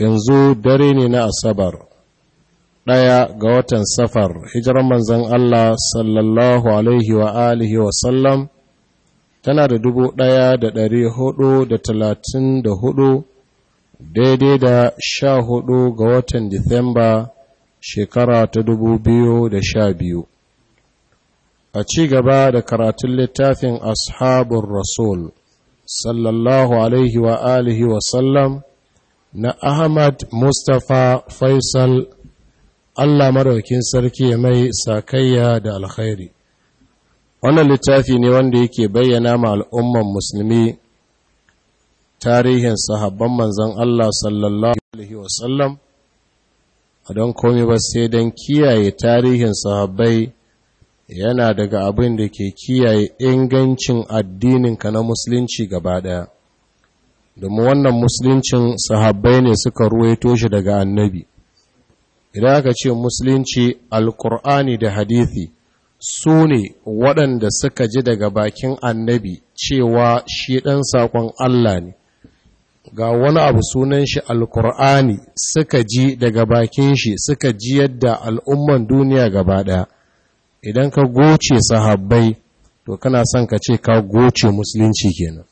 yanzu dare ne na asabar ɗaya ga watan safar hijirar manzan Allah sallallahu alaihi wa alihi wa sallam tana da dubu ɗaya da ɗari hudu da talatin da hudu daidai da sha hudu ga watan disamba shekara ta dubu biyu da sha biyu a ci gaba da karatun littafin ashabun rasul sallallahu alaihi wa alihi wa sallam na Ahmad Mustapha Faisal Allah maraukin sarki mai sakayya da alkhairi. Wannan littafi ne wanda yake bayyana ma al'umman musulmi tarihin sahabban manzan Allah sallallahu Alaihi wasallam, a don komi ba sai don kiyaye tarihin sahabbai yana daga abin da ke kiyaye ingancin addininka na musulunci gaba ɗaya. domin wannan musuluncin sahabbai ne suka ruwaito shi daga annabi idan aka ce musulunci alkur'ani da hadithi su ne waɗanda suka ji daga bakin annabi cewa shi ɗan saƙon Allah ne ga wani abu sunan shi alkur'ani suka ji daga bakin shi suka ji yadda al'umman duniya gaba ɗaya idan ka goce sahabbai to kana son ka ce ka goce musulunci kenan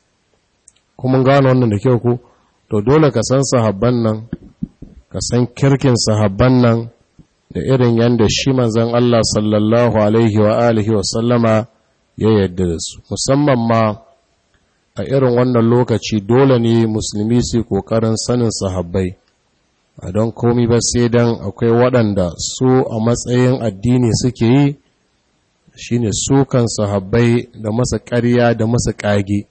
kuma gano wannan da kyau ko to dole ka san sahabban nan ka san kirkin sahabban nan da irin yanda shi manzon Allah sallallahu alaihi wa alihi wa sallama ya yarda da su musamman ma a irin wannan lokaci dole ne musulmi su yi kokarin sanin sahabbai a don komi ba sai dan akwai waɗanda su a matsayin addini suke yi shine sukan sahabbai da masa ƙarya da masa ƙage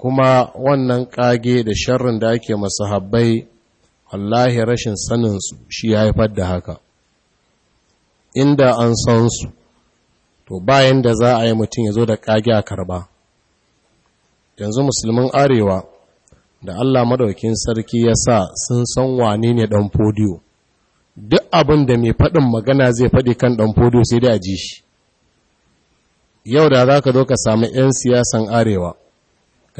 kuma wannan ƙage da sharrin da ake habbai wallahi rashin saninsu shi ya haifar da haka inda an san su to bayan da za a yi mutum ya zo da ƙage a karba yanzu musulmin arewa da allah maɗaukin sarki ya sa sun san wane ne ɗan fodiyo duk abin da mai faɗin magana zai faɗi kan ɗan fodiyo sai da a ji shi yau da za ka zo ka sami 'yan siyasan arewa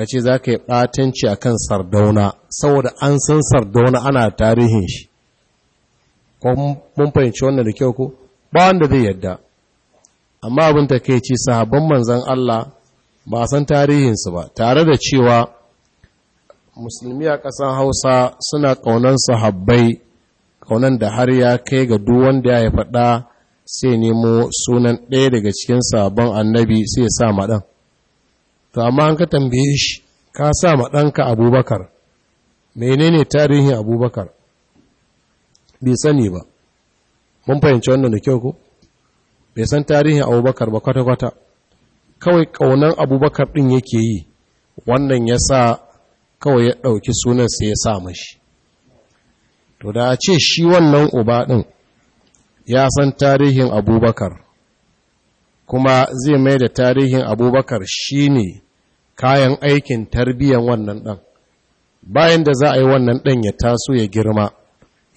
ka ce za ka yi ɓatanci a kan sardauna saboda an san sardauna ana tarihin shi ko mun fahimci wannan da kyau ko ba wanda zai yadda amma abin ta kai ce sahabban manzan Allah ba san tarihinsu ba tare da cewa musulmi a ƙasar hausa suna ƙaunan sahabbai ƙaunan da har ya kai ga duk wanda ya yi sai nemo sunan ɗaya daga cikin sabon annabi sai ya sa maɗan to amma an ka tambaye shi ka sa ma ɗanka abubakar menene tarihin abubakar bai sani ba mun fahimci wannan da kyau ko bai san tarihin abubakar ba kwata-kwata kawai ƙaunan abubakar ɗin yake yi wannan ya sa kawai ya ɗauki sunan sai ya sa mashi to da a ce shi wannan uba ɗin ya san tarihin abubakar kuma zai mai da tarihin abubakar shi ne kayan aikin tarbiyyar wannan ɗan bayan da za a yi wannan ɗan ya taso ya girma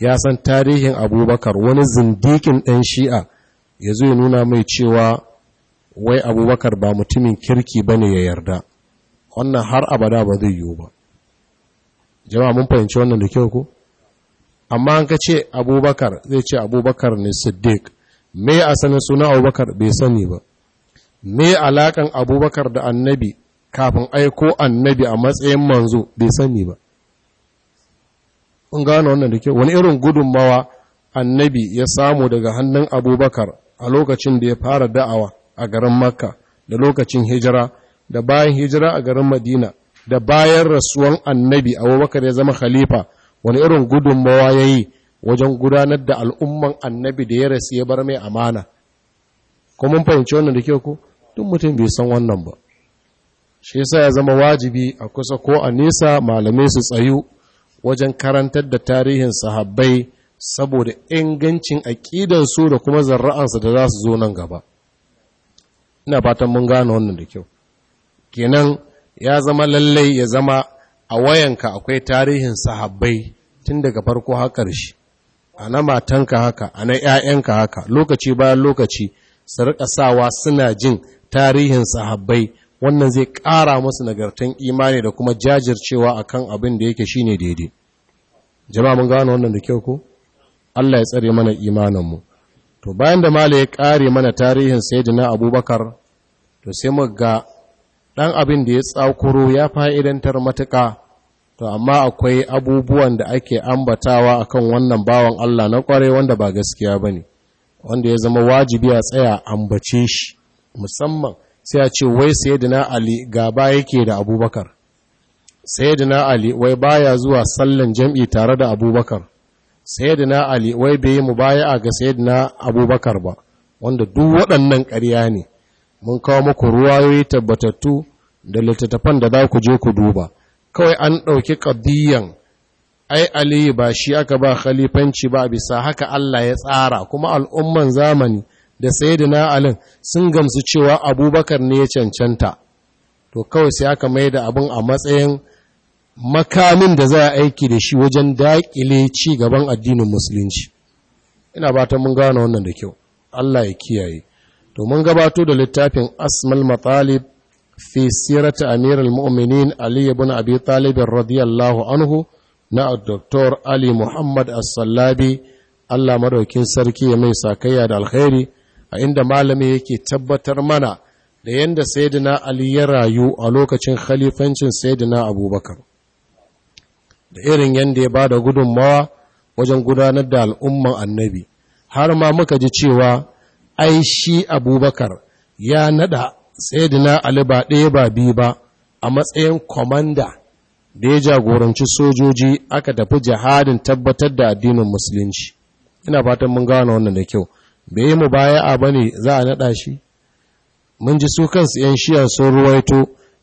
ya san tarihin abubakar wani zindikin ɗan shi'a ya zo ya nuna mai cewa wai abubakar ba mutumin kirki ba ne ya yarda wannan har abada ba zai yiwu ba jama'a mun fahimci wannan da kyau ku? amma an ka ce abubakar zai ce abubakar ne siddiq me sanin sunan abubakar bai sani ba me alakan abubakar da annabi kafin aiko annabi a matsayin manzo bai sani ba kun gano wannan da ke wani irin gudunmawa annabi ya samu daga hannun abubakar a lokacin da ya fara da'awa a garin makka da lokacin hijira da bayan hijira a garin madina da bayan rasuwan annabi abubakar ya zama khalifa wani irin gudunmawa ya yi wajen gudanar da al'umman annabi da ya rasu ya bar mai amana kuma mun fahimci wannan da ke ko. duk mutum bai san wannan ba shi yasa ya zama wajibi a kusa ko a nesa malamai su tsayu wajen karantar da tarihin sahabbai saboda ingancin su da kuma zarra'ansu da za su zo nan gaba ina fatan mun gane wannan da kyau kenan ya zama lallai ya zama a wayanka akwai tarihin sahabbai tun daga farko har shi, a na matanka haka a na ‘ya'yanka haka lokaci bayan lokaci su rika sawa suna jin tarihin sahabbai wannan zai ƙara masu nagartan imani da kuma jajircewa a kan abin da yake shine daidai jama mun gano wannan da kyau ko Allah ya tsare mana imaninmu to bayan da mala ya ƙare mana tarihin na abubakar to sai mu ga dan abin da ya tsakuro ya fa'idantar matuka to amma akwai abubuwan da ake ambatawa akan wannan bawan Allah na ƙware wanda ba gaskiya ba ne wanda ya zama wajibi a tsaya ambace shi musamman sai a ce wai sayyidina ali gaba yake da abubakar sayyidina ali wai baya zuwa sallan jam'i tare da abubakar sayyidina ali wai bai mubaya'a ga sayyidina abubakar ba wanda duk waɗannan ƙarya ne mun kawo muku ruwayoyi tabbatattu da littattafan da za ku je ku duba kawai an ɗauki ƙaddiyan ai aliyu ba shi aka ba khalifanci ba bisa haka Allah ya tsara kuma al'umman zamani da sayyidina alin sun gamsu cewa abubakar ne ya cancanta to kawai sai aka mai da abin a matsayin makamin da za a aiki da shi wajen daƙile ci gaban addinin musulunci ina ba ta mun gane wannan da kyau Allah ya kiyaye to mun gabato da littafin asmal matalib fi sirata amiral mu'minin ali ibn abi talib radiyallahu anhu na Dr. ali muhammad as-sallabi Allah madaukin sarki ya mai sakayya da alkhairi a inda malami yake tabbatar mana da yadda saidina ali ya rayu a lokacin khalifancin saidina abubakar da irin yadda ya bada gudunmawa wajen gudanar da al'umman annabi har ma muka ji cewa ai shi abubakar ya nada sayyidina ali ba ɗaya ba biyu ba a matsayin kwamanda da ya jagoranci sojoji aka tafi jihadin tabbatar da addinin musulunci ina fatan mun gane wannan da kyau bai yi baya ba ne za a naɗa shi mun ji su kansu 'yan shiya sun ruwaito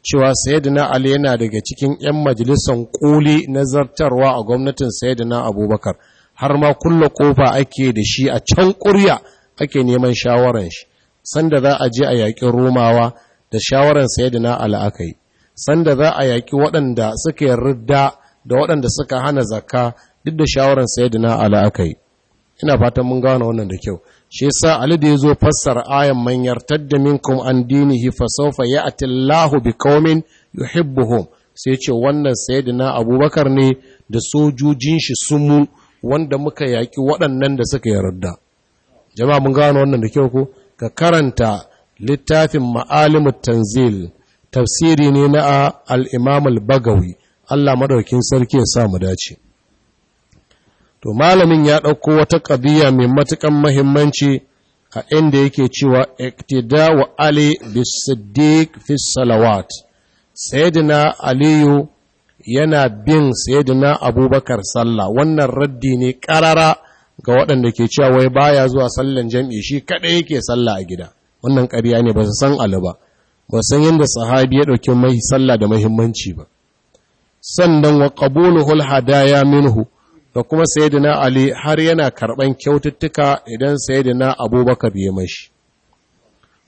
cewa sayyidina ali yana daga cikin 'yan majalisan koli na zartarwa a gwamnatin sayyidina abubakar har ma kulla kofa ake da shi a can ƙurya ake neman shawaran shi sanda za a je a yaƙi romawa da shawaran sayyidina ali aka yi sanda za a yaƙi waɗanda suka yarda da waɗanda suka hana zakka duk da shawaran sayyidina ali aka yi ina fatan mun gane wannan da kyau shi yasa ali da ya yazo fassara ayan manyar tadda minkum an dinihi fa sawfa ya'ti Allahu qaumin yuhibbuhum sai ce wannan sayyidina Abubakar ne da sojojin shi sumu wanda muka yaki waɗannan da suka yarda jama'a mun gano wannan da kyau ko ka karanta littafin ma'alimut tanzil tafsiri ne na al-imam al-bagawi Allah madaukin sarki ya sa mu dace to malamin ya ɗauko wata ƙabiya mai matuƙan mahimmanci a inda yake cewa iktida wa ali bisiddiq fi salawat sayyidina aliyu yana bin sayyidina abubakar sallah wannan raddi ne ƙarara ga waɗanda ke cewa wai baya zuwa sallan jam'i shi kaɗai yake sallah a gida wannan ƙarya ne ba su san ali ba ba san yadda sahabi ya ɗauki sallah da mahimmanci ba sannan wa hadaya minhu da kuma Sayidina Ali har yana karban kyaututtuka idan Sayidina Abubakar ya mashi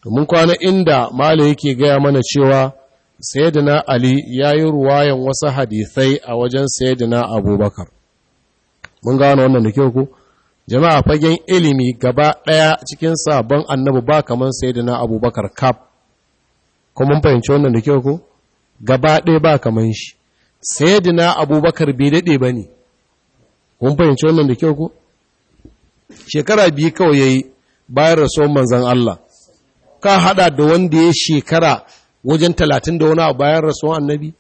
domin kwana inda malai yake gaya mana cewa Sayidina Ali yayi ruwayan wasu hadisai a wajen Sayidina Abubakar mun gano wannan da kyau ko jama'a fagen ilimi gaba daya cikin sabon annabi ba kaman Sayidina Abubakar kaf kuma mun fahimci wannan da kyau ko gaba daya ba kaman shi Sayidina Abubakar bai dade bane kun fahimci wannan da kyau ko shekara biyu kawai ya yi bayan rasuwan manzan Allah ka haɗa da wanda ya shekara wajen talatin da wani bayan rasuwan annabi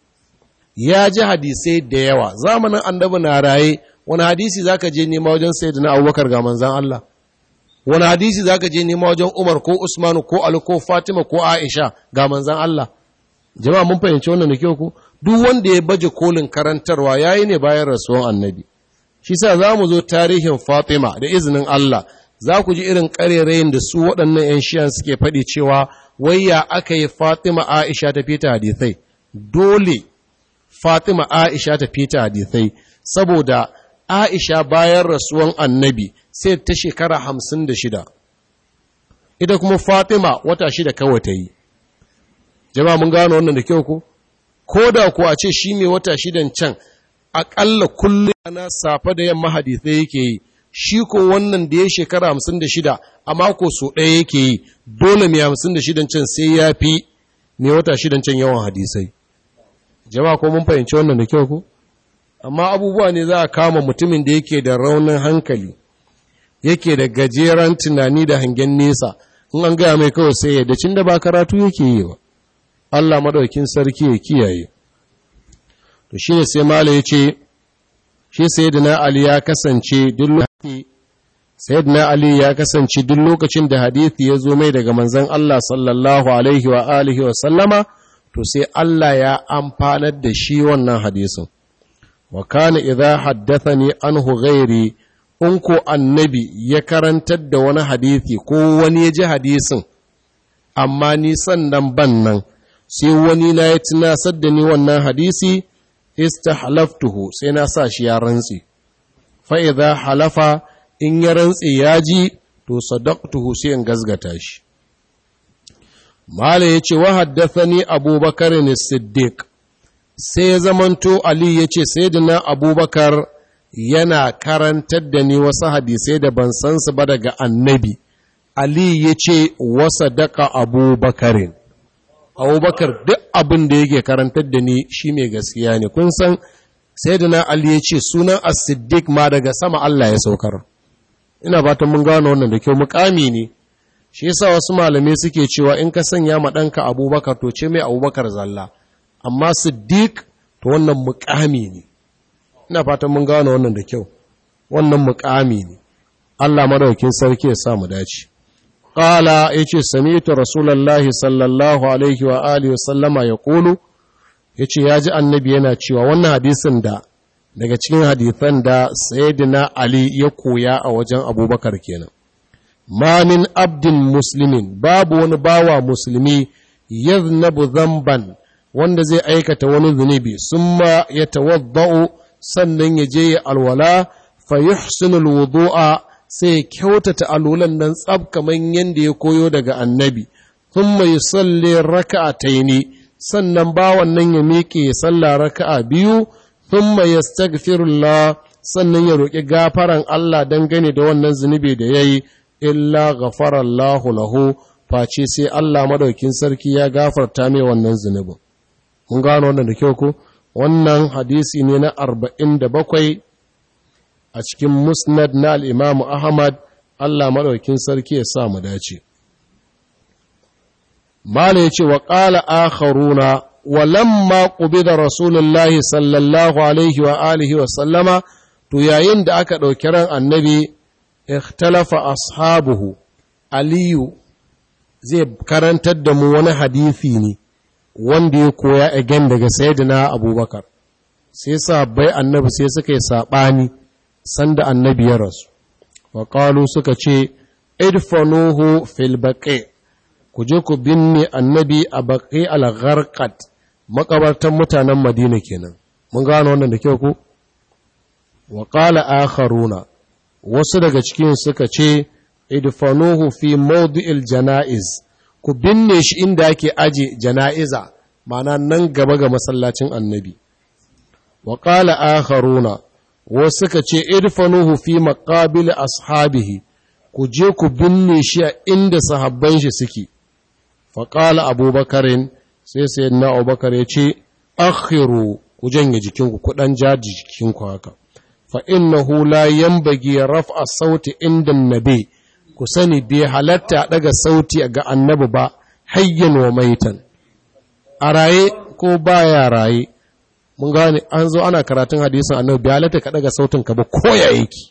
ya ji hadisai da yawa zamanin annabi na raye wani hadisi za ka je nema wajen na Abubakar ga manzan Allah wani hadisi za ka je nema wajen Umar ko Usman ko Ali ko Fatima ko Aisha ga manzan Allah jama'a mun fahimci wannan da kyau ko duk wanda ya baje kolin karantarwa yayi ne bayan rasuwan annabi shi sa za mu zo tarihin fatima da izinin Allah za ku ji irin ƙarerayin da su waɗannan 'yan shiyan suke faɗi cewa wayya aka yi fatima aisha ta fita hadithai dole fatima aisha ta fita hadithai saboda aisha bayan rasuwan annabi sai ta shekara hamsin da shida ita kuma fatima wata shida kawai ta yi jama'a mun gano wannan da kyau ko ko da ku a ce shi ne wata shidan can aƙalla kullum ana safa da yamma hadithai yake yi shi ko wannan da ya shekara hamsin da shida a mako so ɗaya yake yi dole mai hamsin da shidan can sai ya fi mai wata shidan can yawan hadisai jama'a ko mun fahimci wannan da kyau ko amma abubuwa ne za a kama mutumin da yake da raunin hankali yake da gajeren tunani da hangen nesa in an gaya mai kawai sai ya cin da ba karatu yake yi ba Allah madaukin sarki ya kiyaye to shi ne sai mala ya ce shi sayyidina ali ya kasance duk sayyidina ali ya kasance duk lokacin da hadithi ya zo mai daga manzon Allah sallallahu alaihi wa alihi wa sallama to sai Allah ya amfanar da shi wannan hadisin wa kana idza haddathani anhu ghairi in ko annabi ya karantar da wani hadithi ko wani ya ji hadisin amma ni sannan ban nan sai wani na ya tunasar da ni wannan hadisi istahlaftuhu sai na sa shi ya rantse. fa idza halafa in ya rantse ya ji to sadaqtuhu sai in gazgata shi mala yace wa haddathani abubakar as-siddiq sai ya zamanto ali yace sayyidina abubakar yana karantar da ni wasu hadisai da ban san su ba daga annabi ali yace wa sadaqa abubakarin abubakar duk abin da yake karantar da ni shi mai gaskiya ne kun san sai da na ali ya ce sunan as ma daga sama Allah ya saukar ina fatan mun gano wannan da kyau mukami ne shi yasa wasu malamai suke cewa in ka sanya ma ɗanka abubakar to ce mai abubakar zalla amma siddiq to wannan mukami ne ina fatan mun gano wannan da kyau wannan mukami ne Allah madaukin sarki ya sa mu dace ƙala ya ce sami'tu rasulallah sallallahu alaihi wa alihi sallama ya ƙolo ya ce ya ji annabi yana cewa wannan hadisin da daga cikin hadisan da sayyidina ali ya koya a wajen abubakar kenan Manin abdin muslimin babu wani bawa musulmi yaznabu zamban wanda zai aikata wani zunubi summa yatawadda'u sannan ya je ya alwala fa yuhsinu sai kyautata alulan nan tsab kamar yadda ya koyo daga annabi sun mai tsalle raka'a ta taini sannan bawan nan ya miƙe ya salla raka'a biyu sun mai yastaghfirullah sannan ya roƙi gafaran Allah dangane da wannan zunubi da ya yi illa ghafarallahu lahu face sai Allah madaukin sarki ya gafarta mai wannan zunubin mun gano wannan da kyau ko wannan hadisi ne na arba'in da bakwai. a cikin musnad na al'imamu ahmad allah maɗaukin sarki ya sa mu dace mala ya ce wa ƙala akharuna walamma da rasulullahi sallallahu alaihi wa alihi wa sallama to yayin da aka ɗauki ran annabi ikhtalafa ashabuhu aliyu zai karantar da mu wani hadithi ne wanda ya koya again daga sayyidina abubakar sai sabai annabi sai suka yi saɓani sanda annabi ya rasu wa suka ce idfanuhu fil baqi ku je ku binne annabi a baqi al gharqat makabartan mutanen madina kenan mun gano wannan da kyau ku wa qala akharuna wasu daga cikin suka ce idfanuhu fi mawdi'il janaiz ku binne shi inda ake aje jana'iza ma'ana nan gaba ga masallacin annabi wa qala akharuna wasu suka ce idfanuhu fi maqabil ashabihi ku je ku binne shi a inda sahabban shi suke faƙala abubakar sai sai na abubakar ya ce akhiru ku janye jikinku ku ɗan jaji jikinku haka fa innahu la yanbaghi raf'a sauti inda nabi ku sani bai halatta daga sauti ga annabi ba hayyan wa maitan a raye ko baya raye mun gane an zo ana karatun hadisin annabi biya halatta ka daga sautin ka ba koya ya yake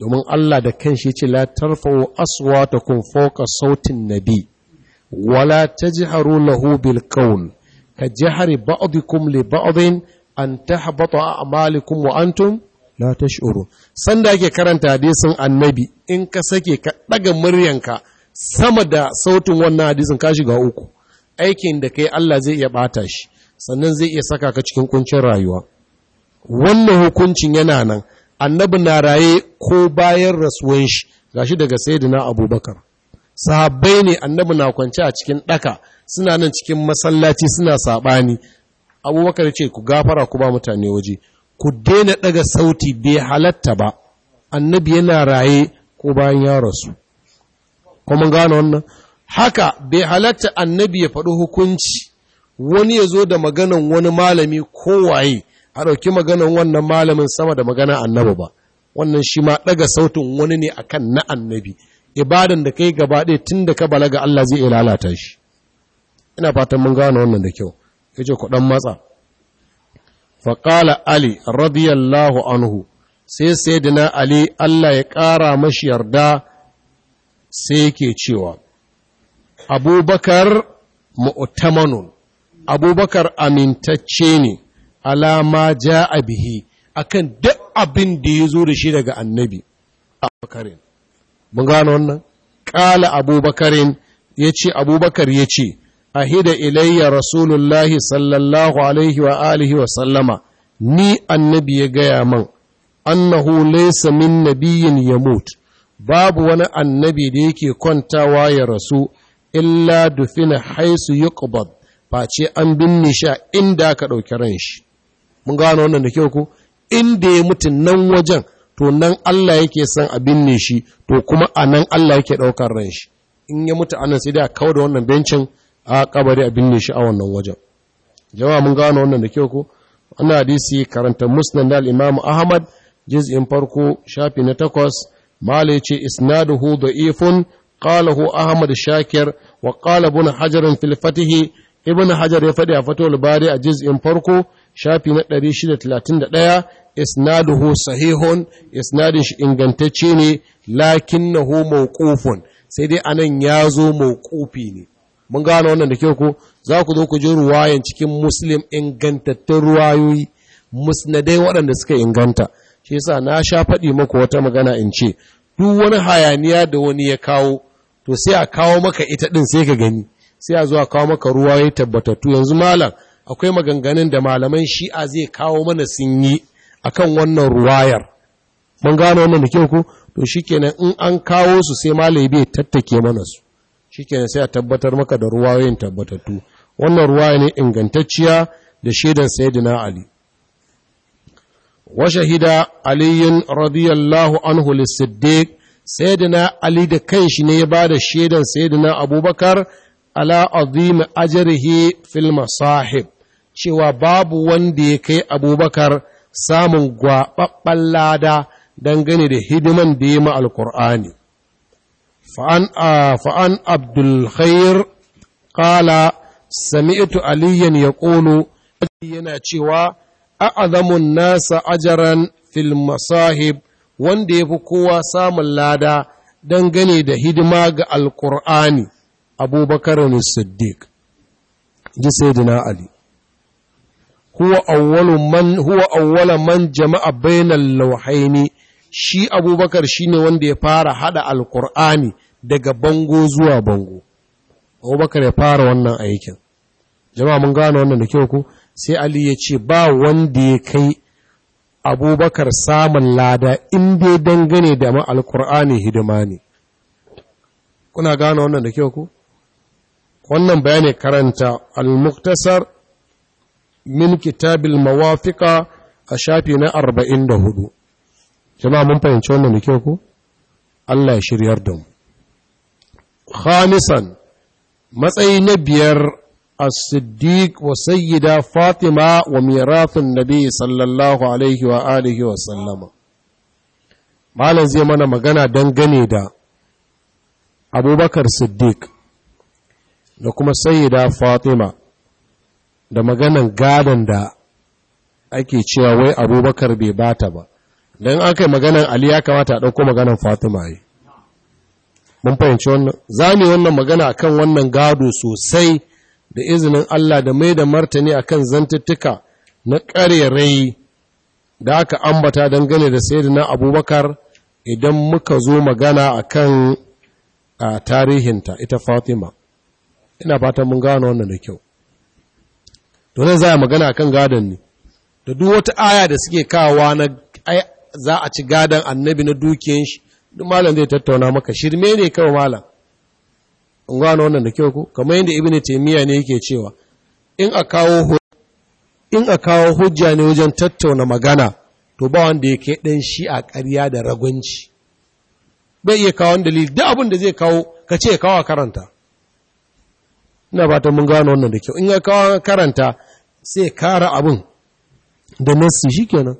domin Allah da kanshi ce la tarfa'u aswatakum fawqa sautin nabi wala tajharu lahu bil qawl ka jahari ba'dikum li ba'din an tahbata a'malikum wa antum la tash'urun sanda ake karanta hadisin annabi in ka sake ka daga muryanka sama da sautin wannan hadisin ka shiga uku aikin da kai Allah zai iya bata shi sannan zai iya saka ka cikin kuncin rayuwa wannan hukuncin yana nan annabi na raye ko bayan rasuwan shi gashi daga sayyidina abubakar sahabbai ne annabi na kwance a cikin ɗaka, suna nan cikin masallaci suna sabani abubakar ce ku gafara ku ba mutane waje ku daina daga sauti bai halatta ba annabi yana raye ko bayan ya rasu kuma gano wannan haka bai halatta annabi ya faɗi hukunci wani ya zo da maganan wani malami kowaye a ɗauki maganan wannan malamin sama da magana annabi ba wannan shi ma ɗaga sautin wani ne akan na annabi ibadan da kai gaba ɗaya tun da ka balaga Allah zai iya lalata shi ina fatan mun gane wannan da kyau ya ce kuɗan matsa faƙala ali radiyallahu anhu sai sai ali Allah ya ƙara mashi yarda sai yake cewa abubakar mu'tamanun abubakar amintacce ne alama ja a bihi akan duk abin da ya zo da shi daga annabi abubakarin mun gano wannan ƙala abubakarin ya ce abubakar ya ce ahida ilayya rasulullahi sallallahu alaihi wa alihi wa sallama ni annabi ya gaya man annahu laysa min ya yamut babu wani annabi da yake kwantawa ya rasu illa dufina haisu yuqbad face an binne shi a inda aka ɗauki ran shi mun gano wannan da kyau ku, inda ya mutu nan wajen to nan Allah yake son a binne shi to kuma a nan Allah yake ɗaukar ran shi in ya mutu anan sai dai a kawo da wannan bencin a kabari a binne shi a wannan wajen jama'a mun gano wannan da kyau ku. ana hadisi karanta musnad al-imam ahmad juz'in farko shafi na takwas mala yace isnaduhu ifun qalahu ahmad shakir wa qala ibn hajar fil fatihi ibn hajar ya faɗi a fatawul bari a juz'in farko shafi na 631 isnaduhu sahihun isnadin shi ingantacce ne lakinnahu mawqufun sai dai anan ya zo mawqufi ne mun gano wannan da kyau ko za ku zo ku ji ruwayan cikin muslim ingantattun ruwayoyi musnadai waɗanda suka inganta shi yasa na sha faɗi maku wata magana in ce duk wani hayaniya da wani ya kawo to sai a kawo maka ita ɗin sai ka gani sai a zuwa kawo maka ruwa ya tabbatattu yanzu malam akwai maganganun da malaman shi'a zai kawo mana sun yi a kan wannan ruwayar mun gano wannan da kyau to to kenan in an kawo su sai malai bai tattake mana su kenan sai a tabbatar maka da ruwayoyin tabbatattu wannan ruwaya ne ingantacciya da shaidan sayyidina ali wa shahida radiyallahu anhu lis sayyidina ali da kanshi ne ya ba da shaidan sayyidina abubakar ala azim ajrihi fil masahib cewa babu wanda ya kai abubakar samun gwababban lada dangane da hidiman da ya ma alkur'ani fa'an fa'an abdul khair qala sami'tu aliyan yaqulu yana cewa a'azamun nasa ajaran fil masahib wanda ya fi kowa samun lada dangane da hidima ga alkur'ani abubakar siddiq ji sayyidina ali huwa awwalu man huwa awwala man jama'a bainal lawhaini shi abubakar shine wanda ya fara hada alqur'ani daga bango zuwa bango abubakar ya fara wannan aikin jama'a mun gane wannan da kyau ko sai ali ya ce ba wanda ya kai abubakar samun lada in dai dangane da ma alqur'ani hidima ne kuna gane wannan da kyau ko wannan bayani karanta al-muktasar min kitabil a shafi na arba'in da hudu. jama'a mun fahimci wannan da ku Allah ya shiryar da mu khamisan matsayi na biyar as-siddiq wa sayyida fatima wa mirathun nabi sallallahu alaihi wa alihi wa sallama malam zai mana magana dangane da abubakar siddiq da kuma sayida fatima da maganan gadon da ake cewa wai abubakar bai bata ba don an kai maganan ali ya kamata a ɗauko maganan fatima yi mun fahimci wannan za ne wannan magana a kan wannan gado sosai da izinin allah da mai da martani a kan zantuttuka na ƙarerai da aka ambata dangane da sayyidina abubakar idan muka zo magana a kan tarihinta ita fatima ina fatan mun gano wannan da kyau domin za a magana kan gadon ne da duk wata aya da suke kawa na za a ci gadon annabi na dukiyan shi duk malam zai tattauna maka shirme ne kawai malam in gano wannan da kyau ko kamar yadda ibn taymiya ne yake cewa in a kawo in a kawo hujja ne wajen tattauna magana to ba wanda yake dan shi a ƙarya da ragunci bai iya kawo dalili duk abin da zai kawo ka ce kawo karanta ina fatan mun gano wannan da kyau in ya kawo karanta sai kara abin da nassi shikenan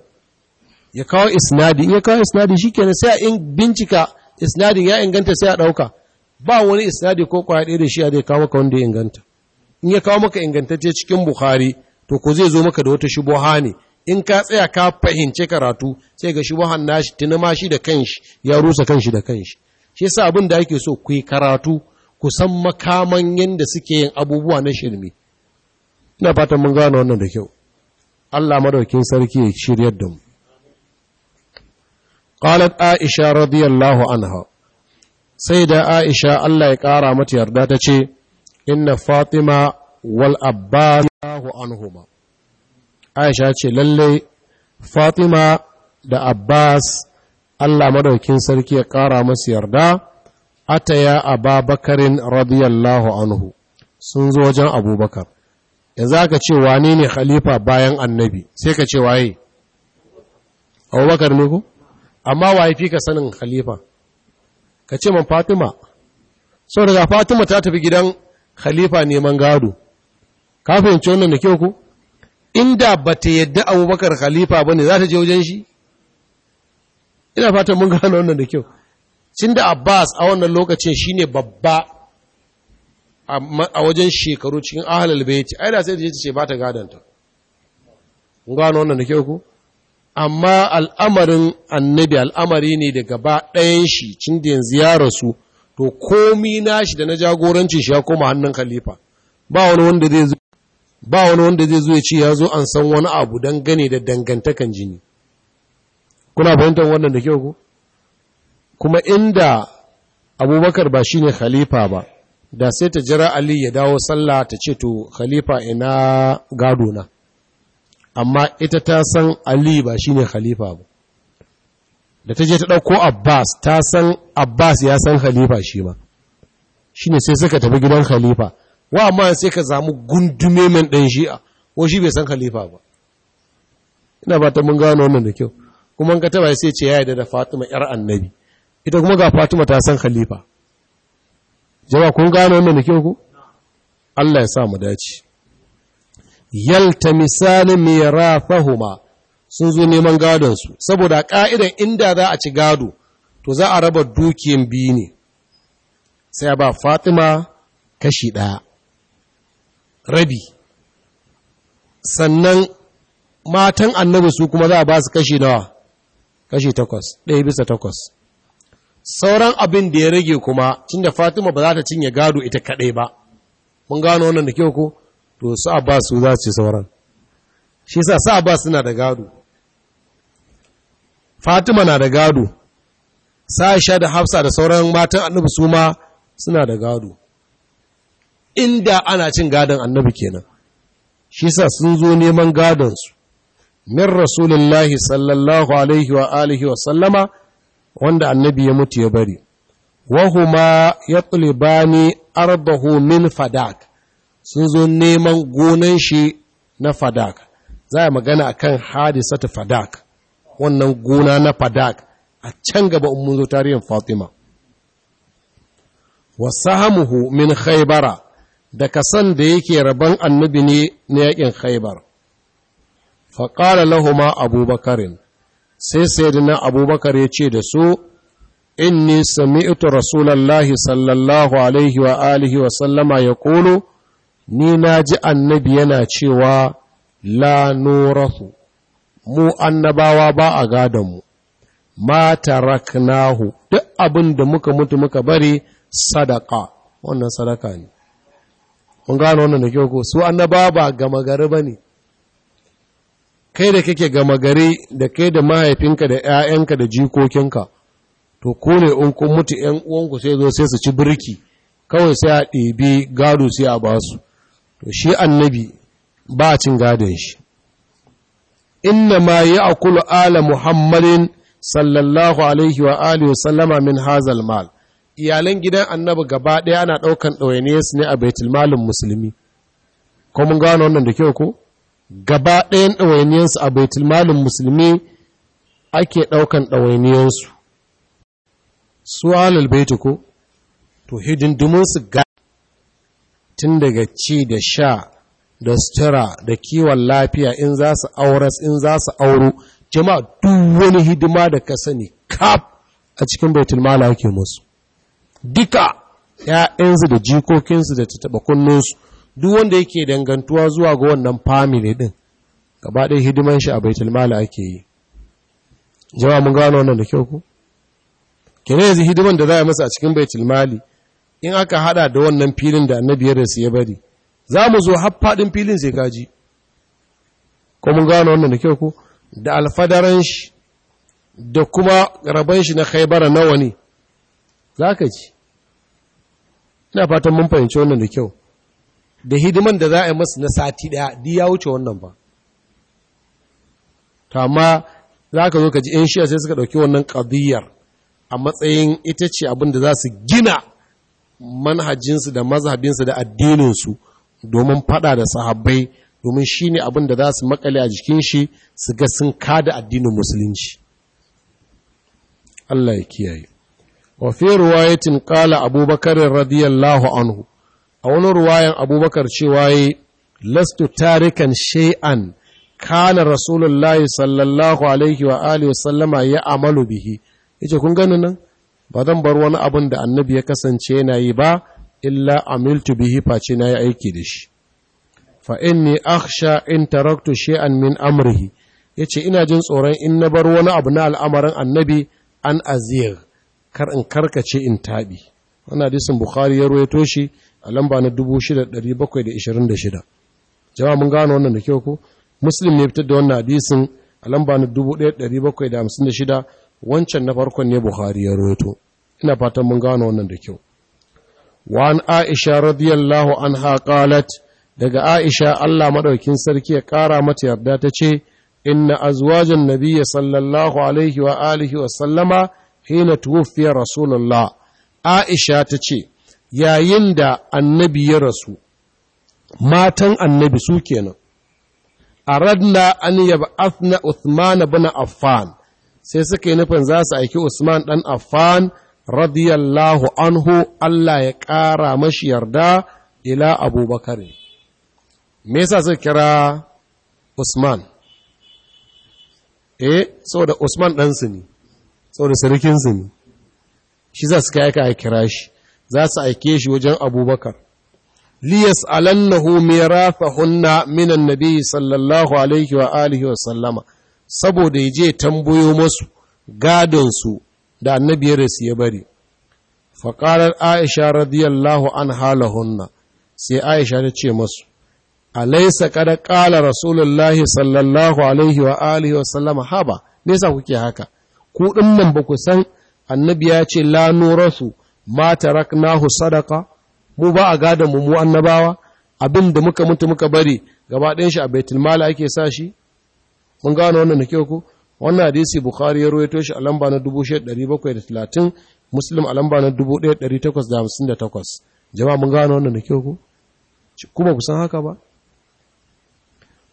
ya kawo isnadi in ya kawo isnadi shikenan sai a in bincika isnadin ya inganta sai a dauka ba wani isnadi ko kwaya da shi a zai kawo maka wanda ya inganta in ya kawo maka ingantacce cikin bukhari to ko zai zo maka da wata shubuha ne in ka tsaya ka fahimce karatu sai ga shubuhan nashi tunama shi da kanshi ya rusa kanshi da kanshi shi yasa abin da ake so ku yi karatu Kusan san makaman yadda suke yin abubuwa na shirme ina fatan mun gano wannan da kyau Allah madaukin sarki ya shiryar da mu qalat aisha radiyallahu anha sai da aisha Allah ya ƙara mata yarda ta ce inna fatima wal abbas anhuma aisha ce lalle fatima da abbas Allah madaukin sarki ya ƙara masu yarda ataya ababakarin radiyallahu anhu sun zo wajen abubakar yanzu aka ce wane ne khalifa bayan annabi sai ka ce waye abubakar ne ku amma waye fi ka sanin khalifa ka ce man fatima sau daga fatima ta tafi gidan khalifa neman gado ka fahimci wannan da kyau ku inda ba ta yadda abubakar khalifa ba ne za ta je wajen shi ina fatan mun gano wannan da kyau cin da abbas a wannan lokacin shi ne babba a wajen shekaru cikin ahalal baiti ai da sai ta ce ba ta gadanta gano wannan da ke ku amma al'amarin annabi al'amari ne da gaba ɗayan shi cin da yanzu ya rasu to komi nashi da na jagorancin shi ya koma hannun khalifa ba wani wanda zai zo ya ce ya zo an san wani abu don gani da dangantakan jini kuna fahimtar wannan da ke ku kuma inda abubakar ba shine khalifa ba da sai ta jira ali ya dawo sallah ta ce to khalifa ina gado na amma ita ta san ali ba shine khalifa ba da ta je ta ɗauko abbas ta san abbas ya san khalifa shi ba, shi ne sai suka tafi gidan khalifa wa amma sai ka zamu gundume min ɗan shi'a ko shi bai san khalifa ba ina ba ta mun gano wannan da kyau kuma ka taba sai ce ya yarda da fatima yar annabi ita kuma ga Fatima ta san khalifa jawa kun gane wannan da kyau ku Allah ya sa mu dace yaltamisal mirafahuma sun zo neman gadon su saboda ka'idan inda za a ci gado to za a raba dukin biyu ne sai ba Fatima kashi ɗaya rabi sannan matan annabi su kuma za a ba su kashi nawa kashi takwas ɗaya bisa takwas sauran abin da ya rage kuma tunda Fatima ba za ta cinye gado ita kadai ba mun gano wannan da kyau ko to su Abbas su za su ci sauran shi yasa su Abbas suna da gado Fatima na da gado Sa'isha da Hafsa da sauran matan Annabi su ma suna da gado inda ana cin gadon Annabi kenan shi yasa sun zo neman gadon su min Rasulullahi sallallahu alaihi wa alihi wa sallama wanda annabi ya mutu ya bari wahuma ya tulibani arbahu min fadak sun zo neman gonan shi na fadak za a magana akan ta fadak wannan gona na fadak a can gaba mun zo tarihin fatima wasahamuhu min khaybara da kasan da yake rabon annabi ne na yakin khaybar faƙala lahuma abubakarin sai sayyidina abubakar ya ce da su inni sami'tu rasulallahi sallallahu alaihi wa alihi wa sallama ya kolo ni na ji annabi yana cewa la nurahu mu annabawa ba a gadonmu ma taraknahu duk abin da muka mutu muka bari sadaka wannan sadaka ne kun gano wannan da kyau ko su annabawa ba gama gari ba ne kai da kake gama gari da kai da mahaifinka da 'ya'yanka da jikokinka to kone in kun mutu 'yan uwanku sai zo sai su ci birki kawai sai a ɗebe gado sai a ba su to shi annabi ba a cin gadon shi inna ma a ala muhammadin sallallahu alaihi wa alihi sallama min hazal mal iyalan gidan annabi gaba ɗaya ana ɗaukan ɗawainiyarsu ne a baitulmalin musulmi ko mun gano wannan da kyau ko gaba ɗayan ɗawainiyarsu a malin musulmi ake ɗaukan ɗawainiyarsu su alal baiti ko to su ga tun daga ci da sha da sutura da kiwon lafiya in za su auras in za su auro jama'a duk wani hidima da ka sani kaf a cikin malin ake musu duka ‘ya'yansu da jikokinsu da tattaɓa kunnensu. duk wanda yake dangantuwa zuwa ga wannan family din gaba ɗaya hidiman shi a baitul mali ake yi jawa mun gano wannan da kyau ku kene yanzu hidiman da za a masa a cikin baitul mali in aka hada da wannan filin da annabi ya rasu ya bari za mu zo har faɗin filin sai kaji ko mun gano wannan da kyau ku da alfadaran shi da kuma raban shi na khaibara nawa ne za ka ci ina fatan mun fahimci wannan da kyau da hidiman da za a yi masu na sati ɗaya di ya wuce wannan ba Ta amma za ka zo ka ji 'yan shiya sai suka ɗauki wannan ƙadiyyar a matsayin ita ce abin da za su gina manhajinsu da mazhabinsu da addininsu domin faɗa da sahabbai domin shi ne abin da za su makale a jikin shi su ga sun da addinin musulunci Allah ya kiyaye wa fi ruwayatin qala abubakar radiyallahu anhu a wani ruwayan abubakar cewa yi lastu tarikan shay'an kana rasulullahi sallallahu alaihi wa alihi sallama ya amalu bihi yace kun gani nan ba zan bar wani abin da annabi ya kasance yana yi ba illa amiltu bihi face na yi aiki da shi fa inni akhsha in taraktu shay'an min amrihi yace ina jin tsoron in na bar wani abu na al'amarin annabi an azir kar in karkace in taɓi. wannan hadisin bukhari ya ruwaito shi a lamba na 6726 jama mun gano wannan da kyau ko muslim ne fitar da wannan hadisin a lamba na 1756 wancan na farkon ne buhari ya roto ina fatan mun gano wannan da kyau Waan aisha radiyallahu anha haƙalat daga aisha Allah maɗaukin sarki ya ƙara mata yarda ta ce inna azwajan Nabiya sallallahu alaihi wa alihi wa sallama hina tuwfiya rasulullah aisha ta ce yayin da annabi ya rasu matan annabi su kenan a radna an Afna Uthman bin Affan sai suka yi nufin za su aiki Usman dan Affan radiyallahu anhu Allah ya ƙara mashi yarda ila Abubakar me yasa suka kira Usman eh saboda Usman ɗansu ne saboda sarkinsu ne shi za su kai aka kira shi za su aike shi wajen abubakar liyas alannahu mirafahunna minan nabi sallallahu alaihi wa alihi wa sallama saboda ya je tambayo masu gadonsu da annabi su ya bari faƙarar aisha radiyallahu an hunna, sai aisha ta ce masu laisa kada ƙala rasulullahi sallallahu alaihi wa alihi wa sallama haba nesa kuke haka ku nan ba ku san annabi ya ce la nurasu ma taraknahu sadaka mu ba a gada mu mu annabawa abin da muka mutu muka bari gaba ɗayan shi a baitul mal ake sa shi mun gano wannan nake ku wannan hadisi bukhari ya rawaito shi a lamba na 1730 muslim a lamba na 1858 jama'a mun gano wannan nake ku kuma ku san haka ba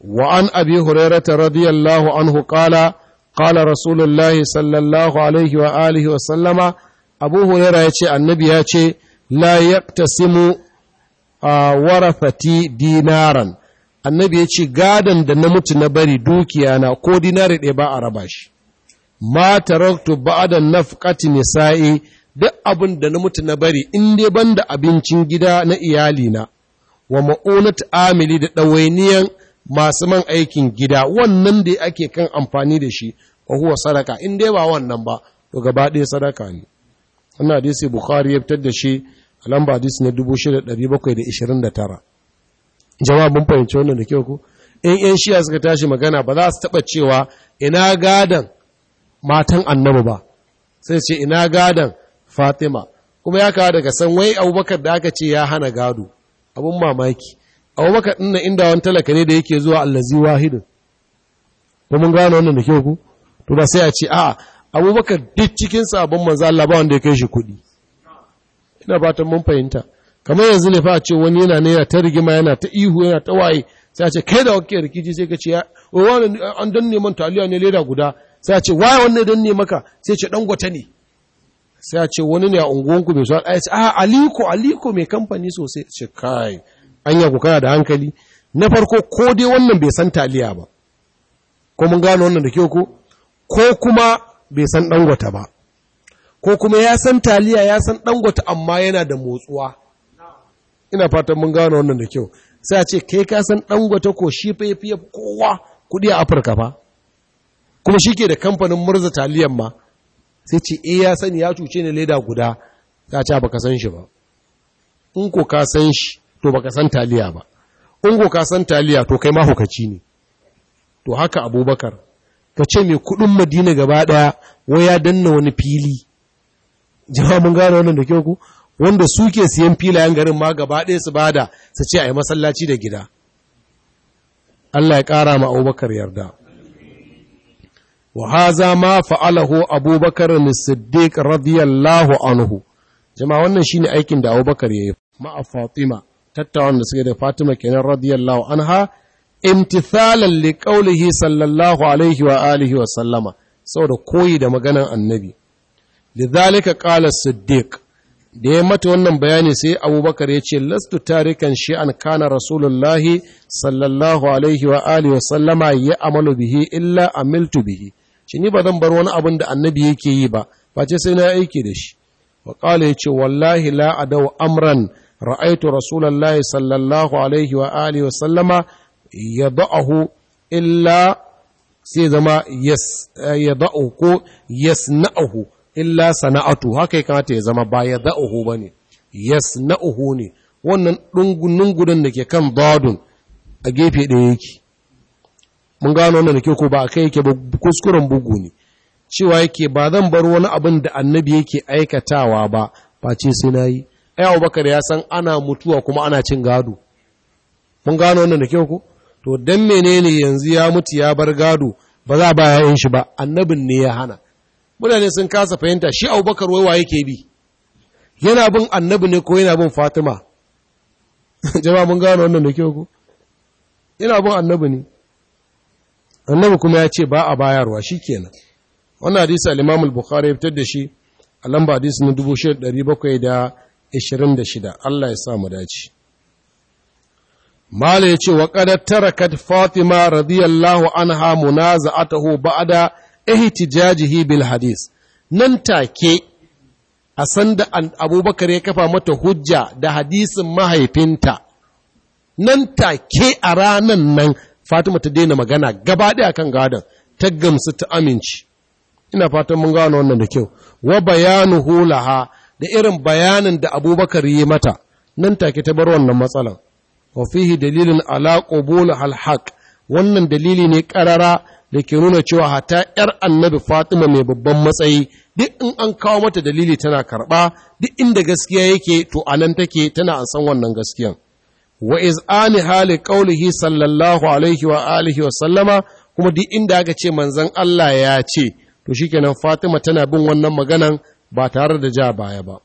wa an abi hurairata radiyallahu anhu qala qala rasulullahi sallallahu alaihi wa alihi wa sallama abu huraira ya ce annabi ya ce la yaqtasimu a warafati dinaran annabi ya ce gadon da na mutu na bari dukiya na ko dinari ɗaya ba a raba shi ma taraktu ba'da nafqati nisa'i duk abin da na mutu na bari in dai banda abincin gida na iyalina wa ma'unat amili da ɗawainiyan masu man aikin gida wannan da ake kan amfani da shi wa huwa sadaka in dai ba wannan ba to gaba ɗaya sadaka ne wannan hadisi bukhari ya fitar da shi a lamba hadisi na 6729 jama'a fahimci wannan da kyau ku in yan shiya suka tashi magana ba za su taba cewa ina gadan matan annabi ba sai ce ina gadan fatima kuma ya kawo daga san wai abubakar da aka ce ya hana gado abun mamaki abubakar ɗin inda wani talaka ne da yake zuwa allazi wahidin ko mun gano wannan da kyau ku to da sai a ce a'a abubakar duk cikin sabon manzan Allah da ya kai shi kuɗi ina fatan mun fahimta kamar yanzu ne fa ce wani yana ne ta rigima yana ta ihu yana ta waye sai a ce kai da wakil rikici sai ka ce ya wani an don neman taliya ne leda guda sai a ce waye wani don ne maka sai ce gwata ne sai a ce wani ne a unguwanku bai suwa a a ah, aliko aliko mai kamfani sosai ce kai anya yaku kana da hankali na farko ko dai wannan bai san taliya ba ko mun gano wannan da kyau ko kuma bai san dangwata ba ko kuma ya san taliya ya san dangwata amma yana da motsuwa ina fatan mun gano wannan da kyau sai a ce kai ka san dangwata ko shi fa fiye kowa kudi a Afirka ba kuma shi ke da kamfanin murza taliyan ma sai ce eh ya sani ya cuce ni leda guda za ce ka san shi ba in ko ka san shi to ba ka san taliya ba in ko ka san taliya to kai ma hukaci ne to haka abubakar ka ce mai kuɗin madina gaba ɗaya wai ya danna wani fili jama'a mun gane wannan da kyau ku wanda suke siyan filayen garin ma gaba ɗaya su bada su ce a yi masallaci da gida Allah ya ƙara ma abubakar yarda wa ma fa'alahu abubakar siddiq radiyallahu anhu jama'a wannan shine aikin da abubakar ya yi ma'a fatima tattawan da suke da fatima kenan radiyallahu anha imtithalan li qaulihi sallallahu alaihi wa alihi wa sallama saboda koyi da maganan annabi lidhalika qala siddiq da ya mata wannan bayani sai abubakar ya ce lastu tarikan shi an kana rasulullahi sallallahu alaihi wa alihi wa sallama ya amalu bihi illa amiltu bihi shi ni ba zan bar wani abin da annabi yake yi ba face sai na aiki da shi wa qala yace wallahi la adau amran ra'aitu rasulullahi sallallahu alaihi wa alihi wa sallama ya da'ahu illa sai zama ya eh, da'ahu ko yasna'ahu illa sana'atu haka ya kamata ya zama ba ya da'ahu ba ne yasna'ahu ne wannan ɗungunin gudun da ke kan dadun a gefe ɗaya yake mun gano wannan da ke ko ba a kai yake ba kuskuren bugu ne cewa yake ba zan bar wani abin da annabi yake aikatawa ba ce sai na yi ai abubakar ya san ana mutuwa kuma ana cin gado mun gano wannan da ke ko to don menene yanzu ya mutu ya bar gado ba za ba yin shi ba annabin ne ya hana mutane sun kasa fahimta shi abubakar wai waye ke bi yana bin annabi ne ko yana bin fatima Jam'a mun gano wannan da kyau ko yana bin annabi ne annabi kuma ya ce ba a bayarwa shi wannan hadisi al-imam bukhari ya fitar da shi a lamba hadisi na 1726 Allah ya sa mu dace Mala ya ce, wa ƙadar tarakat Fatima radiyallahu anha munaza'atahu ba'da ihtijajihi bil hadis. Nan take a sanda Abubakar ya kafa mata hujja da hadisin mahaifinta. Nan take a ranan nan Fatima ta daina magana gaba ɗaya kan gadon, ta gamsu ta aminci. Ina fatan mun gano wannan da kyau. Wa bayanu hulaha da irin bayanin da Abubakar yi mata, nan take ta bar wannan matsalan. wa fihi dalilin ala qabul alhaq wannan dalili ne karara da ke nuna cewa hata ‘yar annabi Fatima mai babban matsayi, duk in an kawo mata dalili tana karɓa, duk inda gaskiya yake to a nan take tana an san wannan gaskiyan. Wa ani hali ƙaulihi sallallahu alaihi wa alihi wa sallama kuma duk inda aka ce manzon Allah ya ce, to shi kenan Fatima tana bin wannan maganan ba tare da ja baya ba.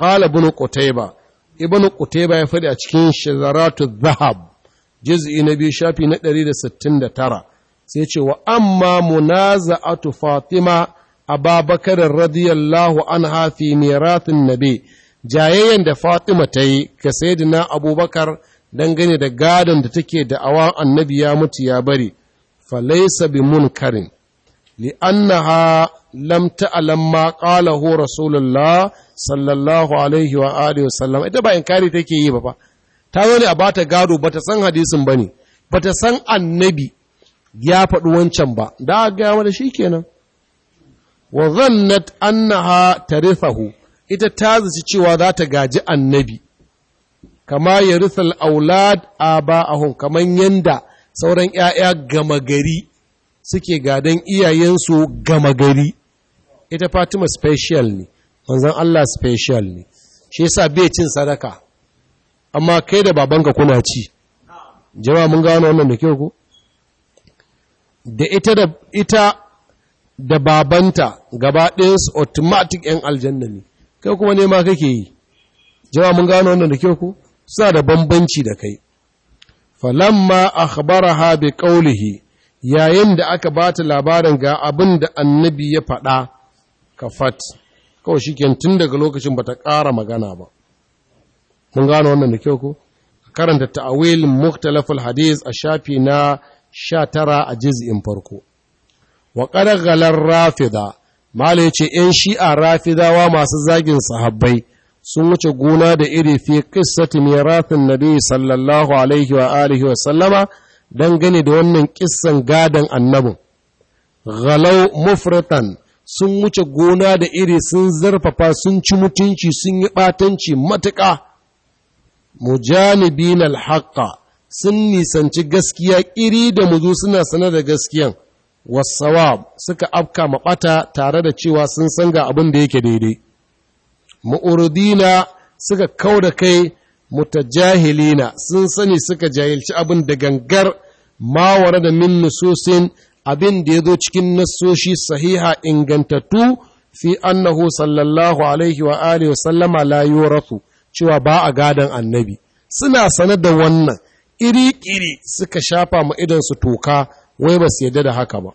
Kala bunu Qutayba ibn qutayba ya faɗi a cikin shazaratu zahab juz'i na biyu shafi na 169 sai ce wa amma munaza'atu fatima ababakar radiyallahu anha fi mirathin nabi jayayyen da fatima ta yi ga sayyidina abubakar dangane da gadon da take da awan annabi ya mutu ya bari falaisa bi munkarin لأنها لم تعلم ما قاله رسول الله صلى الله عليه وآله وسلم إذا بقى إنكاري تكي بابا تاولي أباتا قادو بتسان حديث بني بتسان النبي يا فدوان چنبا دا قاوة شيكينا وظنت أنها ترثه إذا تازي چوا ذات قاجي النبي كما يرث الأولاد آباءهم كما يندى sauran ‘ya'ya gama gari suke gadon iyayensu gama gari ita fatima special ne manzan Allah special ne shi yasa bai cin sadaka amma kai da babanka kuna ci jama'a mun gano wannan da kyau ko da ita da ita da babanta gaba ɗayansu automatic ‘yan aljanna ne, kai kuma nema kake yi, jama'a mun gano wannan da kyau ku, suna da bambanci da kai. Falamma akhbaraha bi qawlihi yayin da aka ba ta labarin ga abin da annabi ya faɗa ka fat kawai shi tun daga lokacin ba ta ƙara magana ba mun gano wannan da kyau ko karanta ta'awil muktalafal hadis a shafi na sha tara a jiz'in farko wa galar rafida mala ce ‘yan shi'a rafidawa masu zagin sahabbai sun wuce gona da iri fi kissati mirafin nabi sallallahu alaihi wa alihi wa sallama dangane da wannan kissan gadon annabin ghalau mafratan sun wuce gona da iri sun zarfafa sun ci mutunci sun yi ɓatanci matuƙa na alhaqa sun nisanci gaskiya iri da muzu suna sanar da gaskiyan Wasuwa suka afka maɓata tare da cewa sun san ga abin da yake daidai ma'urdina suka kau da kai mutajahilina sun sani suka jahilci abin da gangar mawara da min nususin abin da ya zo cikin nasoshi, sahiha ingantattu fi annahu sallallahu alaihi wa alihi wa sallama la yurasu cewa ba a gadan annabi suna sane da wannan iri-iri suka shafa ma su toka wai ba su yadda da haka ba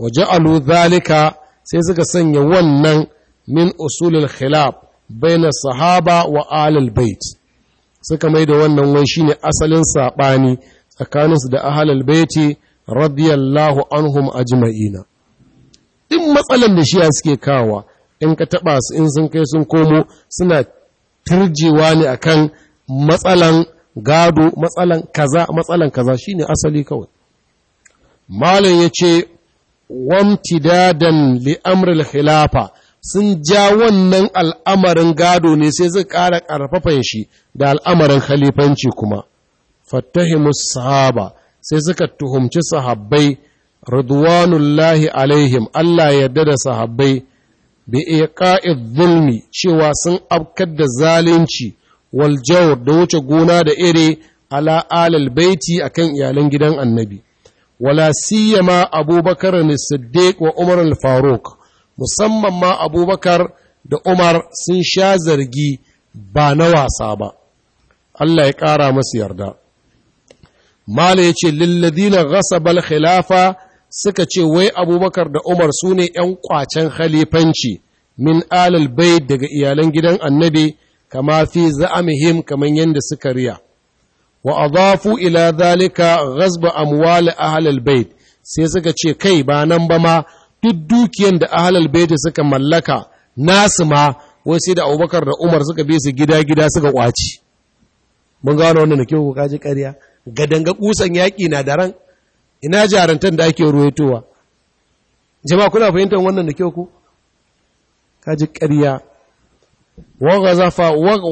waje zalika sai suka sanya wannan min usulul khilaf baina sahaba wa alal bait suka mai da wannan wai shine asalin saɓani tsakaninsu da ahalal baiti radiyallahu anhum ajma'ina in matsalan da shi ya suke kawa in ka taɓa su in sun kai sun komo suna turjewa ne akan matsalan gado matsalan kaza matsalan kaza shine asali kawai malam yace wamtidadan li amril khilafa sun ja wannan al'amarin gado ne sai zai ƙara ƙarfafan shi da al'amarin khalifanci kuma Fattahi sahaba sai suka tuhumci sahabbai ridwanullahi alaihim Allah yarda da sahabbai bi iqa'iz zulmi cewa sun afkar da zalunci wal da wuce gona da iri ala alal baiti akan iyalan gidan annabi wala siyama abubakar ne siddiq wa umar al Faruk. musamman ma abubakar da umar sun sha zargi ba na wasa ba Allah ya ƙara masu yarda mala ya ce lilladina ghasabal khilafa suka ce wai abubakar da umar su ne ‘yan ƙwacen khalifanci min alal bai daga iyalan gidan annabi kama fi za'amihim kamar yadda suka riya wa adafu ila zalika ghasba amwal ahlal bait sai suka ce kai ba nan ba ma duk dukiyan da ahlul baiti suka mallaka nasu ma wai sai da Abubakar da Umar suka bi su gida-gida suka kwaci mun gano wannan da kyau kaji ƙarya gadanga kusan yaƙi na daren ina jarantar da ake ruwaitowa jama'a kuna fahimtar wannan da kyau ku kaji ƙarya waga zafa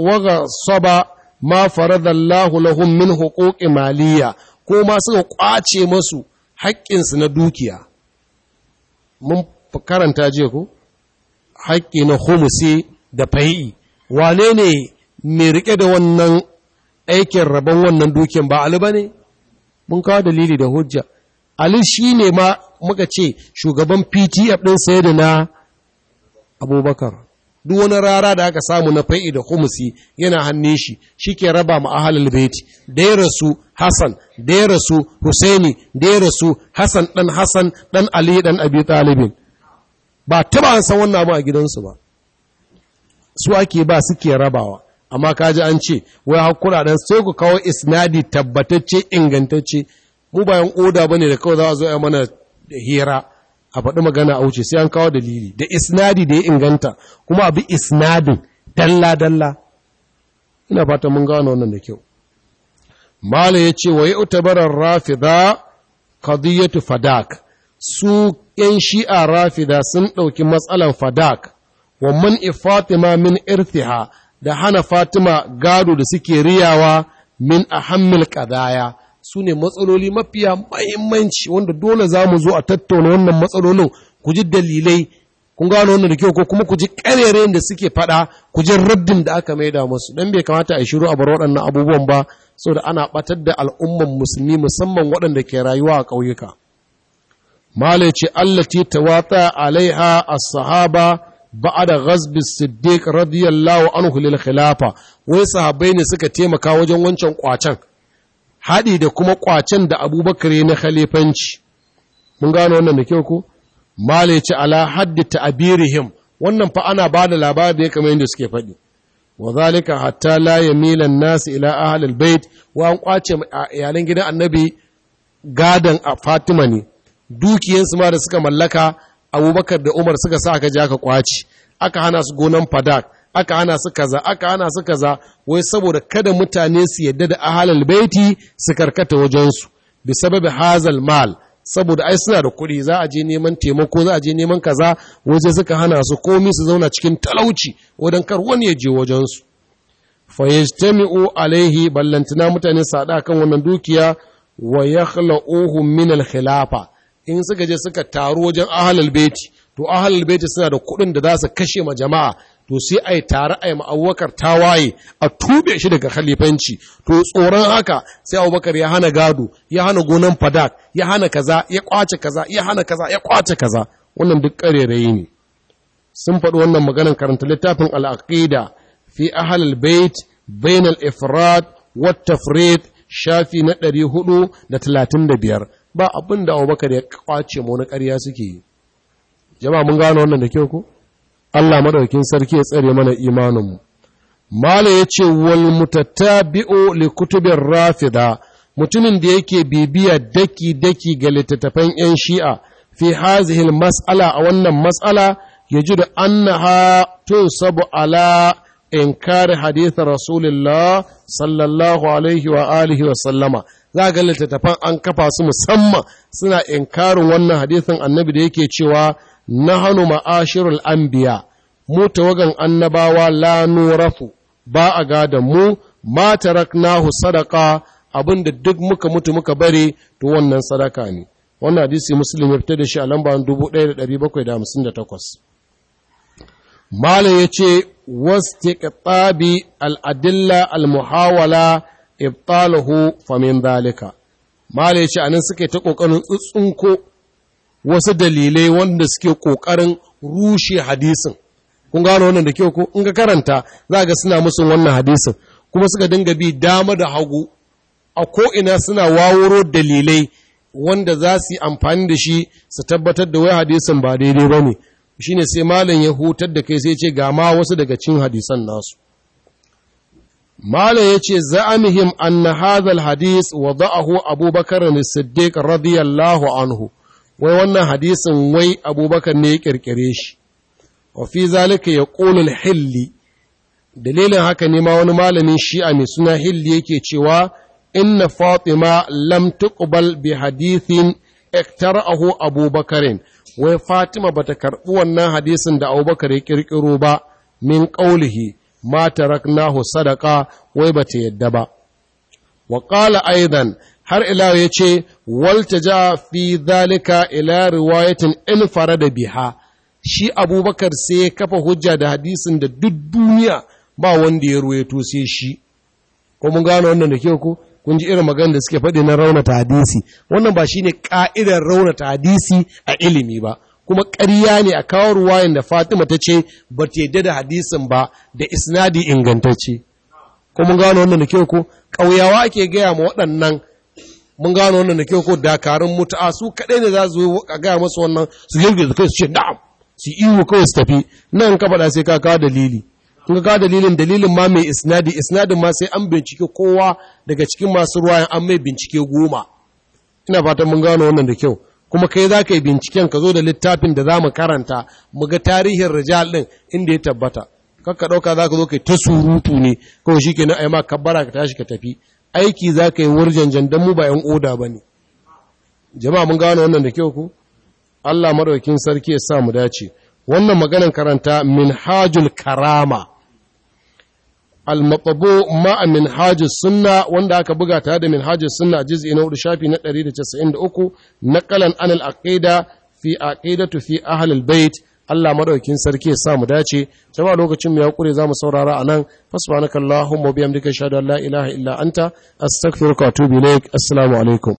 waga saba ma faradallahu lahum min huquqi maliya ko ma suka kwace masu haƙƙinsu na dukiya mun karanta jiya ko haƙƙi na homose da fahi wane ne mai riƙe da wannan aikin rabon wannan dukin ba Ali ba ne? Mun kawo dalili da hujja. Ali shi ne ma muka ce shugaban PTF ɗin sai da na Abubakar. duk wani rara da aka samu na fa'i da kumusi yana hannun shi shike raba mu ahlul baiti da ya rasu Hassan da ya rasu Husaini da ya rasu Hassan dan Hassan dan Ali dan Abi Talib ba taba an san wannan abu a gidansu ba su ake ba suke rabawa amma kaji an ce wai hakura dan sai ku kawo isnadi tabbatacce ingantacce mu bayan oda ne da kawai za a zo a mana hira a faɗi magana a wuce sai an kawo dalili da isnadi da ya inganta kuma abi isnadin dalla dalla ina fata mun gano wannan da kyau mala ya ce wa yi'tabarar rafida Kadiyatu fadak su yan shi'a rafida sun ɗauki matsalan fadak wa man fatima min irtiha da hana fatima gado da suke riyawa min a ahammil ƙadaya su ne matsaloli mafiya mahimmanci wanda dole za mu zo a tattauna wannan matsalolin ku ji dalilai kun gano wannan da kyau ko kuma ku ji ƙarerayen da suke faɗa ku ji raddin da aka maida masu. dan bai kamata a shiru a bar waɗannan abubuwan ba saboda ana ɓatar da al'umman musulmi musamman waɗanda ke rayuwa a ƙauyuka malai ce ta tawata alaiha a sahaba da بعد siddiq radiyallahu anhu lil khilafa wai sahabai ne suka taimaka wajen wancan kwacen haɗi da kuma ƙwacen da abubakar na khalifanci mun gano wannan da kyau ko mala ce ala haddi ta'abirihim wannan fa ana ba da labarin da ya kamar yadda suke faɗi wa zalika hatta la yamila an-nas ila ahli al-bait wa an kwace iyalan gidan annabi gadan a Fatima ne dukiyansu ma da suka mallaka Abubakar da Umar suka sa aka ja ka kwaci aka hana su gonan Fadak aka hana su kaza aka hana su kaza wai saboda kada mutane su yadda da ahalal baiti su karkata wajensu bi sababi hazal mal saboda ai suna da kuɗi za a je neman taimako za a je neman kaza waje suka hana su komi su zauna cikin talauci wajen kar wani ya je wajensu fa yajtami'u alaihi ballantana mutane su haɗa kan wannan dukiya wa yakhla'uhum min al-khilafa in suka je suka taru wajen ahalal baiti to ahalal baiti suna da kuɗin da za su kashe ma jama'a to sai a yi tare a yi ma'awakar tawaye a tube shi daga khalifanci to tsoron haka sai abubakar ya hana gado ya hana gonan fadak ya hana kaza ya kwace kaza ya hana kaza ya kwace kaza wannan duk ƙarerayi ne sun faɗi wannan maganar karanta littafin al'aqida fi ahlul bait bainal al-ifrad wa tafrid shafi na 435 ba abin da abubakar ya kwace mu na ƙarya suke yi jama'a mun gano wannan da kyau ko Allah madaukin sarki ya tsare mana imaninmu mala ya ce wal mutattabi'u li kutubir rafida mutumin da yake bibiya daki daki ga littattafan yan shi'a fi hazihi mas'ala a wannan mas'ala yajidu annaha sabu ala inkari hadithin rasulullah sallallahu alaihi wa alihi wa sallama za ga littattafan an kafa su musamman suna inkarin wannan hadithin annabi da yake cewa nahnu ma'ashirul anbiya mu tawagan annabawa la nurafu ba a gadon mu ma taraknahu sadaqa abinda duk muka mutu muka bare to wannan sadaka ne wannan hadisi muslim ya fitar da shi a lamba 1758 malam yace wastiqtabi al-adilla al-muhawala ibtalahu famin dhalika malam yace anan suka ta kokarin tsuntsunko wasu dalilai wanda suke ƙoƙarin rushe hadisin kun gano wannan da kyau ko in ga karanta za ga suna musu wannan hadisin kuma suka dinga bi dama da hagu a ko'ina suna wawuro dalilai wanda za su yi amfani da shi su tabbatar da wai hadisin ba daidai ba ne shi ne sai malam ya hutar da kai sai ce gama wasu daga cin hadisan nasu malam ya ce za'amihim anna hadal hadis wa da'ahu abubakar siddiq radiyallahu anhu wai wannan hadisin wai abubakar ne ya ƙirƙire shi wa fi zalika ya ƙulul hilli dalilin haka ne ma wani malamin shi'a mai suna hilli yake cewa inna fatima lam tuqbal bi hadithin iktara'ahu abubakarin wai fatima bata karɓi wannan hadisin da abubakar ya ƙirƙiro ba min ƙaulihi ma taraknahu sadaka wai bata yadda ba wa qala har ila ya ce ja fi zalika ila riwayatin in da biha shi abubakar sai ya kafa hujja da hadisin da duk duniya ba wanda ya ruwaito sai shi ko mun gano wannan da kyau ko kun ji irin magana da suke faɗi na raunata hadisi wannan ba shine ka'idar raunata hadisi a ilimi ba kuma ƙarya ne a kawo ruwayan da Fatima ta ce ba ta yadda da hadisin ba da isnadi ingantacce ko mun gano wannan da kyau ko ƙauyawa ake gaya ma waɗannan mun gano wannan da kyau ko dakarun mutu'a su kaɗai ne za su yi a gaya masu wannan su da kai su ce da'am su ihu kawai su tafi nan ka faɗa sai ka kawo dalili in ka dalilin dalilin ma mai isnadi isnadin ma sai an bincike kowa daga cikin masu ruwayan an mai bincike goma ina fatan mun gano wannan da kyau kuma kai za ka yi binciken ka zo da littafin da za mu karanta mu ga tarihin rijal ɗin inda ya tabbata kakka ɗauka za ka zo kai ta surutu ne kawai shi ke na aima kabbara ka tashi ka tafi aiki za ka yi wurjanjan don mu ba ‘yan oda ba ne jama'a mun gano wannan da kyau ku allah maɗaukin sarki ya sa mu dace wannan maganan karanta minhajul karama al-maqbu ma'a minhajus sunna wanda aka buga ta da minhajus sunna juz'i na 4 shafi na 193 naqalan anil aqida fi aqidatu fi ahlul bait Allah madaukin sarki ya sa mu dace jama'a lokacin mu ya kure zamu saurara anan fasbanakallahumma wa bihamdika shahadu an la ilaha illa anta astaghfiruka wa atubu ilaik assalamu alaikum